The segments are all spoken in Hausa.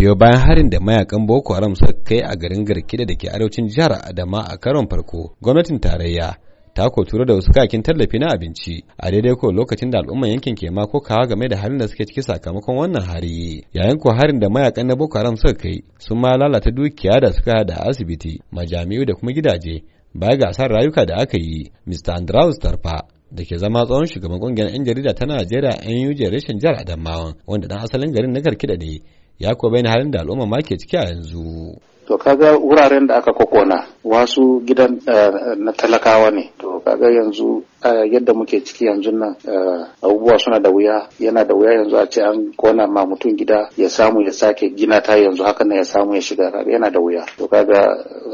biyo bayan harin da mayakan Boko Haram suka kai a garin Garkida da ke arewacin jihar Adama a karon farko, gwamnatin tarayya ta ko turo da wasu kakin tallafi na abinci a daidai ko lokacin da al'umman yankin ke ma kawa game da halin da suke ciki sakamakon wannan hari yayin ko harin da mayakan na boko haram suka kai sun ma lalata dukiya da suka da asibiti majami'u da kuma gidaje baya ga asar rayuka da aka yi mr andrews tarfa da ke zama tsohon shugaban kungiyar 'yan jarida ta najeriya yan yuje reshen jihar Adamawa, wanda dan asalin garin na Karkida ne ya kuwa bayyana halin da al'umma ma ke ciki a yanzu to kaga wuraren da aka kokona wasu gidan eh, na talakawa ne to kaga yanzu eh, yadda muke ciki yanzu nan eh, abubuwa suna da wuya yana da wuya yanzu a ce an kona ma mutum gida ya samu ya sake gina ta yanzu hakan na ya samu ya shiga yana da wuya to kaga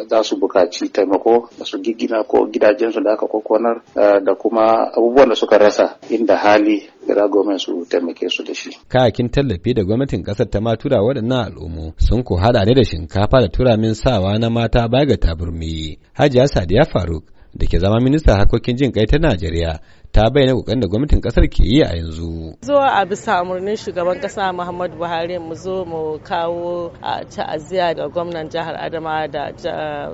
za su bukaci taimako da su gina ko gidajensu da aka kokonar eh, da kuma abubuwan da suka rasa inda hali gara gwamnati su taimake su da shi kayakin tallafi da gwamnatin kasar ta ma tura waɗannan al'ummu sun ku hada ne da shinkafa da turamin sawa na mata baya ga taburmi hajiya sadiya faruk da ke zama minista harkokin jin kai ta Najeriya ta bayyana kokarin da gwamnatin kasar ke yi a yanzu. Zo a bisa umarnin shugaban kasa Muhammadu Buhari mu zo mu kawo a ta'aziyya ga gwamnan jihar Adama da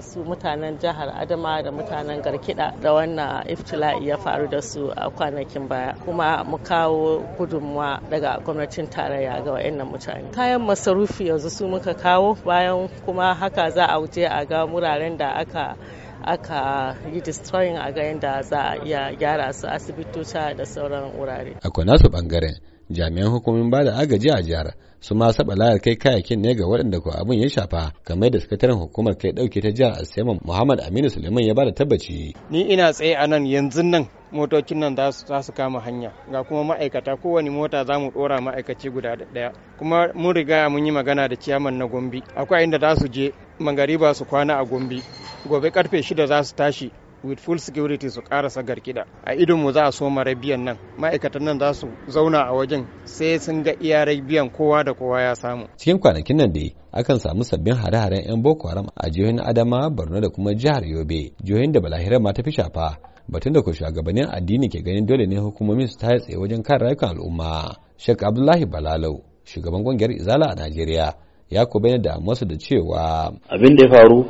su mutanen jihar Adama da mutanen Garkida da wannan iftila'i ya faru da su a kwanakin baya kuma mu kawo gudunmuwa daga gwamnatin tarayya ga wayannan mutane. Kayan masarufi yanzu su muka kawo bayan kuma haka za a wuce a ga muraren da aka aka yi destroying a ga yadda za a iya gyara su asibitoci da sauran wurare. Akwai nasu bangaren jami'an hukumomin ba da agaji a jihar su ma saba layar kai kayakin ne ga waɗanda ko abin ya shafa kamar da sakataren hukumar kai ɗauke ta jihar Asema Muhammad Aminu Suleiman ya ba da tabbaci. Ni ina tsaye a nan yanzu nan motocin nan za su kama hanya ga kuma ma'aikata kowane mota za mu dora ma'aikaci guda daya kuma mun riga mun yi magana da ciyaman na gombe akwai inda za su je mangariba su kwana a gombe gobe karfe shida za su tashi with full security su karasa garkida a idonmu za a so biyan nan ma'aikatan nan za su zauna a wajen sai sun ga iya biyan kowa da kowa ya samu cikin kwanakin nan dai akan samu sabbin hare-haren 'yan boko haram a jihohin adama borno da kuma jihar yobe jihohin da balahira ma ta fi shafa batun da ku shugabannin addini ke ganin dole ne hukumomi su taya tsaye wajen kare rayukan al'umma shek abdullahi balalau shugaban kungiyar izala a najeriya ya ku bayyana da da cewa abin da ya faru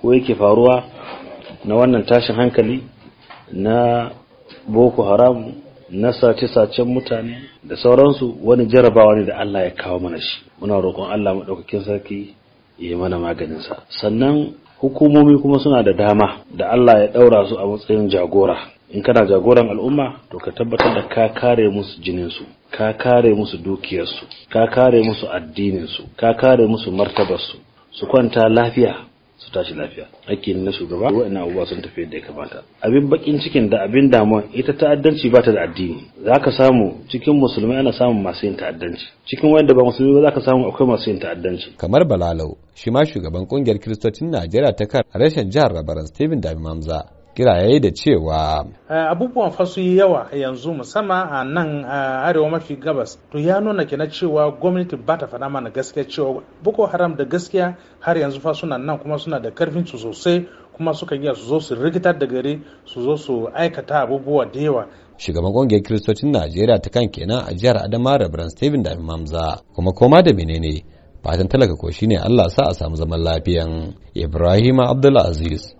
ko yake faruwa na wannan tashin hankali na boko haram na sace-sacen mutane da sauransu wani jarabawa ne da Allah ya kawo mana shi muna roƙon Allah maɗaukakin sarki ya yi mana sa sannan hukumomi kuma suna da dama da Allah ya ɗaura su a matsayin jagora in kana jagoran al'umma to ka tabbatar da ka kare musu jininsu ka kare musu dukiyarsu ka kare musu addininsu ka kare musu martabarsu su kwanta lafiya su tashi lafiya hakkin na shugaba ina abubuwa sun tafi yadda ya kamata abin bakin cikin da abin damuwa ita ta'addanci ba ta da addini za ka samu cikin musulmai ana samun masu yin ta'addanci cikin wanda ba musulmi ba za ka samu akwai masu yin ta'addanci kamar balalau shi ma shugaban kungiyar kiristocin najeriya ta kar rashin jihar rabaran stephen dami mamza kira kiraye da cewa eh, abubuwan fasu yi yawa yanzu musamman a nan arewa mafi gabas to ya nuna kina cewa gwamnati ba ta faɗa mana gaskiya cewa boko haram da gaskiya har yanzu fa suna nan kuma suna da karfin su sosai kuma suka iya su zo su rikitar da gari su zo su aikata abubuwa da yawa shugaban kungiyar kiristocin najeriya ta kan kenan a jihar adama rabran steven da mamza kuma koma da menene fatan talaka ko shine allah sa a samu zaman lafiyan ibrahim abdullah aziz